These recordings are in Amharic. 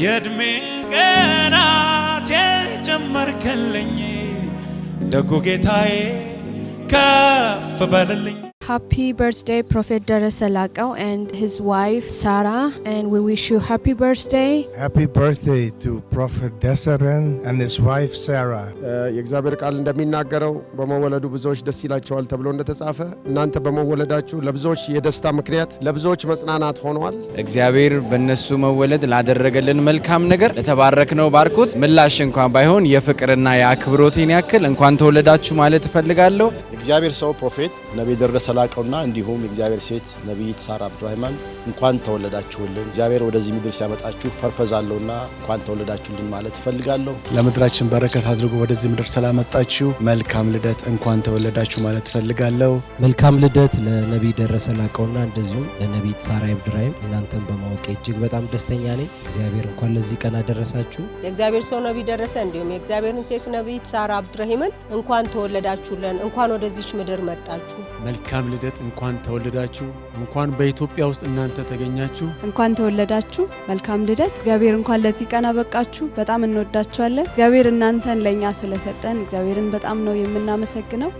የእድሜን ቀናት የጨመርክልኝ ደጉ ጌታዬ ከፍ በልልኝ። Happy birthday, Prophet Darasalako and his wife Sarah, and we wish you happy birthday. Happy birthday to Prophet Desaran and his wife Sarah. Uh, የእግዚአብሔር ቃል እንደሚናገረው በመወለዱ ብዙዎች ደስ ይላቸዋል ተብሎ እንደተጻፈ እናንተ በመወለዳችሁ ለብዙዎች የደስታ ምክንያት ለብዙዎች መጽናናት ሆነዋል። እግዚአብሔር በእነሱ መወለድ ላደረገልን መልካም ነገር ለተባረክነው ባርኩት ምላሽ እንኳን ባይሆን የፍቅርና የአክብሮቴን ያክል እንኳን ተወለዳችሁ ማለት እፈልጋለሁ። እግዚአብሔር ሰው ፕሮፌት ነቢይ ደረሰ ተላቀውና እንዲሁም የእግዚአብሔር ሴት ነቢይት ሳራ አብዱራህማን እንኳን ተወለዳችሁልን። እግዚአብሔር ወደዚህ ምድር ሲያመጣችሁ ፐርፐዝ አለውና እንኳን ተወለዳችሁልን ማለት እፈልጋለሁ። ለምድራችን በረከት አድርጎ ወደዚህ ምድር ስላመጣችሁ መልካም ልደት፣ እንኳን ተወለዳችሁ ማለት እፈልጋለሁ። መልካም ልደት ለነቢይ ደረሰ ላቀውና እንደዚሁም ለነቢይት ሳራ አብዱራሂም እናንተን በማወቅ እጅግ በጣም ደስተኛ ነኝ። እግዚአብሔር እንኳን ለዚህ ቀን አደረሳችሁ። የእግዚአብሔር ሰው ነቢይ ደረሰ እንዲሁም የእግዚአብሔርን ሴት ነቢይት ሳራ አብዱራሂምን እንኳን ተወለዳችሁልን፣ እንኳን ወደዚች ምድር መጣችሁ። መልካም ለአብርሃም ልደት እንኳን ተወለዳችሁ። እንኳን በኢትዮጵያ ውስጥ እናንተ ተገኛችሁ። እንኳን ተወለዳችሁ። መልካም ልደት። እግዚአብሔር እንኳን ለዚህ ቀን አበቃችሁ። በጣም እንወዳችኋለን። እግዚአብሔር እናንተን ለእኛ ስለሰጠን እግዚአብሔርን በጣም ነው የምናመሰግነው።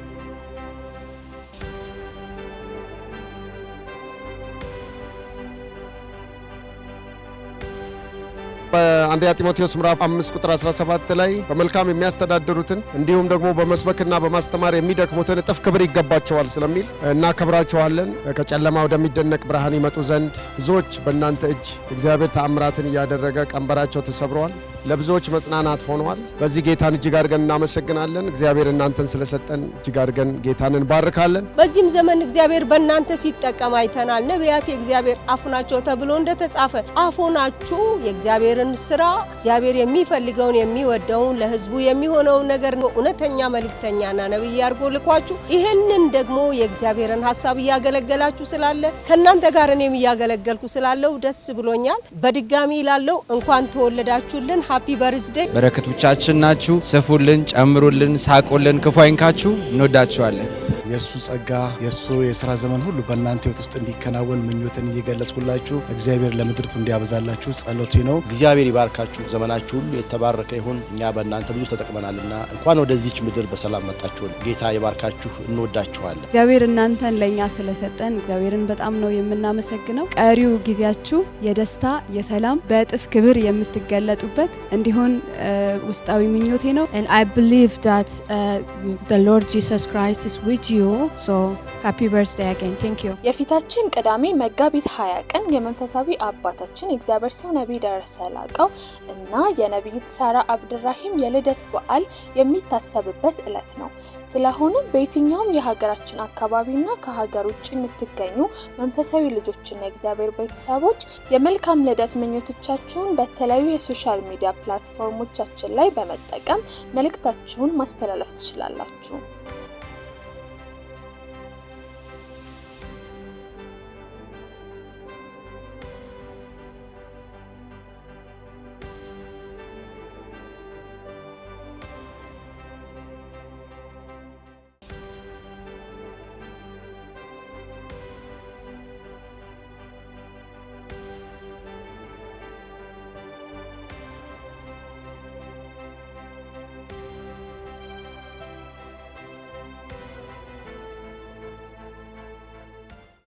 በአንደኛ ጢሞቴዎስ ምዕራፍ 5 ቁጥር 17 ላይ በመልካም የሚያስተዳድሩትን እንዲሁም ደግሞ በመስበክና በማስተማር የሚደክሙትን እጥፍ ክብር ይገባቸዋል ስለሚል እናከብራቸዋለን። ከጨለማ ወደሚደነቅ ብርሃን ይመጡ ዘንድ ብዙዎች በእናንተ እጅ እግዚአብሔር ተአምራትን እያደረገ ቀንበራቸው ተሰብረዋል፣ ለብዙዎች መጽናናት ሆነዋል። በዚህ ጌታን እጅግ አድርገን እናመሰግናለን። እግዚአብሔር እናንተን ስለሰጠን እጅግ አድርገን ጌታን እንባርካለን። በዚህም ዘመን እግዚአብሔር በእናንተ ሲጠቀም አይተናል። ነቢያት የእግዚአብሔር አፍ ናቸው ተብሎ እንደተጻፈ አፎናችሁ የእግዚአብሔር የእግዚአብሔርን ስራ እግዚአብሔር የሚፈልገውን የሚወደውን ለህዝቡ የሚሆነውን ነገር እውነተኛ መልእክተኛና ነቢይ አድርጎ ልኳችሁ ይህንን ደግሞ የእግዚአብሔርን ሀሳብ እያገለገላችሁ ስላለ ከእናንተ ጋር እኔም እያገለገልኩ ስላለው ደስ ብሎኛል። በድጋሚ ይላለው እንኳን ተወለዳችሁልን። ሀፒ በርዝዴ። በረከቶቻችን ናችሁ። ስፉልን፣ ጨምሩልን፣ ሳቁልን፣ ክፉ አይንካችሁ። እንወዳችኋለን። የእሱ ጸጋ የእሱ የስራ ዘመን ሁሉ በእናንተ ህይወት ውስጥ እንዲከናወን ምኞትን እየገለጽኩላችሁ እግዚአብሔር ለምድርቱ እንዲያበዛላችሁ ጸሎቴ ነው። እግዚአብሔር ይባርካችሁ። ዘመናችሁ ሁሉ የተባረከ ይሁን። እኛ በእናንተ ብዙ ተጠቅመናልና እንኳን ወደዚች ምድር በሰላም መጣችሁን። ጌታ ይባርካችሁ። እንወዳችኋለን። እግዚአብሔር እናንተን ለእኛ ስለሰጠን እግዚአብሔርን በጣም ነው የምናመሰግነው። ቀሪው ጊዜያችሁ የደስታ የሰላም በእጥፍ ክብር የምትገለጡበት እንዲሆን ውስጣዊ ምኞቴ ነው። And I believe ዩ ሶ ሃፒ በርዝዴይ አገን ቴንክ ዩ። የፊታችን ቅዳሜ መጋቢት 20 ቀን የመንፈሳዊ አባታችን የእግዚአብሔር ሰው ነቢይ ደረሰ ላቀው እና የነቢይት ሳራ አብድራሂም የልደት በዓል የሚታሰብበት ዕለት ነው። ስለሆነም በየትኛውም የሀገራችን አካባቢና ከሀገር ውጭ የምትገኙ መንፈሳዊ ልጆችና የእግዚአብሔር ቤተሰቦች የመልካም ልደት ምኞቶቻችሁን በተለያዩ የሶሻል ሚዲያ ፕላትፎርሞቻችን ላይ በመጠቀም መልእክታችሁን ማስተላለፍ ትችላላችሁ።